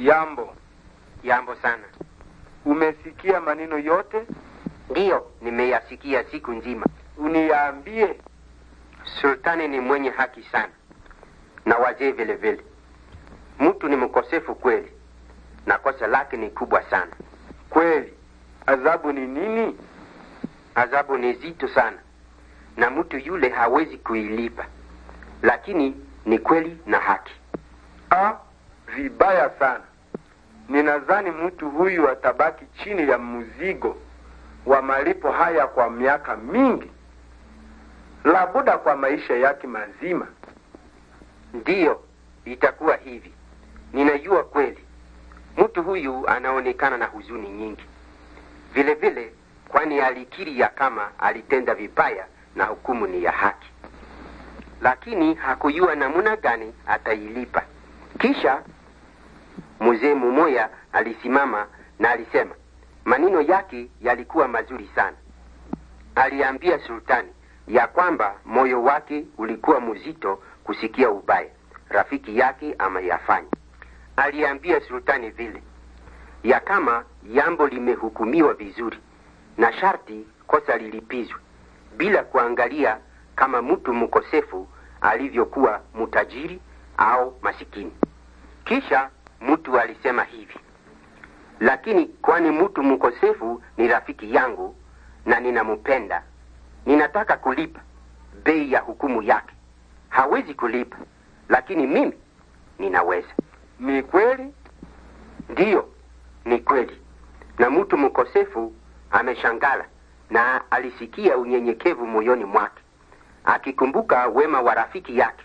Jambo. Jambo sana. Umesikia maneno yote? Ndiyo, nimeyasikia siku nzima. Uniambie. Sultani ni mwenye haki sana, na wazee vile vile. Mtu ni mkosefu kweli, na kosa lake ni kubwa sana kweli. Adhabu ni nini? Adhabu ni zito sana, na mtu yule hawezi kuilipa, lakini ni kweli na haki. Ah vibaya sana. Ninadhani mtu huyu atabaki chini ya mzigo wa malipo haya kwa miaka mingi, labuda kwa maisha yake mazima. Ndiyo, itakuwa hivi. Ninajua kweli mtu huyu anaonekana na huzuni nyingi vile vile, kwani alikiri ya kama alitenda vibaya na hukumu ni ya haki, lakini hakujua namuna gani atailipa kisha mzee mumoya alisimama na alisema maneno yake yalikuwa mazuri sana. Aliambia sultani ya kwamba moyo wake ulikuwa mzito kusikia ubaya rafiki yake ameyafanya. Aliambia sultani vile ya kama jambo limehukumiwa vizuri, na sharti kosa lilipizwe bila kuangalia kama mtu mkosefu alivyokuwa mtajiri au masikini. Kisha mtu alisema hivi, lakini kwani mtu mkosefu ni rafiki yangu na ninamupenda, ninataka kulipa bei ya hukumu yake. Hawezi kulipa, lakini mimi ninaweza. Ni kweli? Ndiyo, ni kweli. Na mtu mkosefu ameshangala na alisikia unyenyekevu moyoni mwake, akikumbuka wema wa rafiki yake,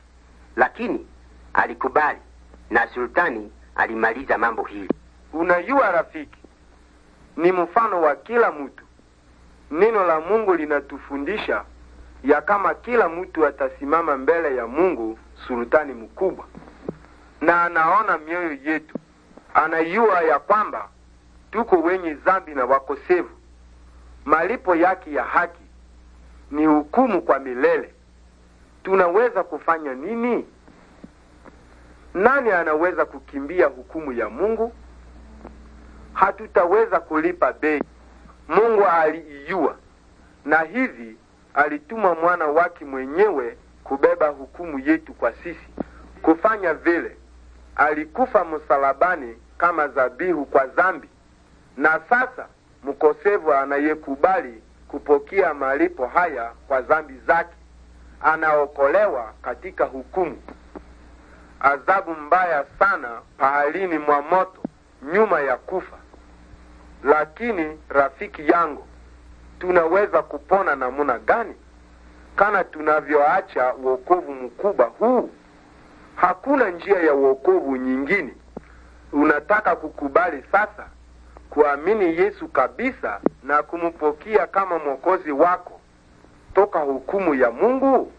lakini alikubali na sultani alimaliza mambo hili. Unajua rafiki, ni mfano wa kila mtu. Neno la Mungu linatufundisha ya kama kila mtu atasimama mbele ya Mungu sultani mkubwa, na anaona mioyo yetu, anajua ya kwamba tuko wenye dhambi na wakosevu. Malipo yake ya haki ni hukumu kwa milele. Tunaweza kufanya nini? Nani anaweza kukimbia hukumu ya Mungu? Hatutaweza kulipa bei. Mungu aliijua, na hivi alituma mwana wake mwenyewe kubeba hukumu yetu kwa sisi. Kufanya vile, alikufa msalabani kama dhabihu kwa dhambi, na sasa mkosevu anayekubali kupokea malipo haya kwa dhambi zake anaokolewa katika hukumu adhabu mbaya sana pahalini mwa moto nyuma ya kufa. Lakini rafiki yangu, tunaweza kupona namuna gani kana tunavyoacha wokovu mkubwa huu? Hakuna njia ya wokovu nyingine. Unataka kukubali sasa kuamini Yesu kabisa na kumpokea kama mwokozi wako toka hukumu ya Mungu?